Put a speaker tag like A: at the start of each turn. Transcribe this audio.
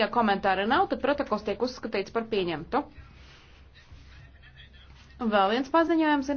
A: Ja komentāra nav, tad protokols tiek uzskatīts par pieņemtu. Un vēl viens paziņojums ir.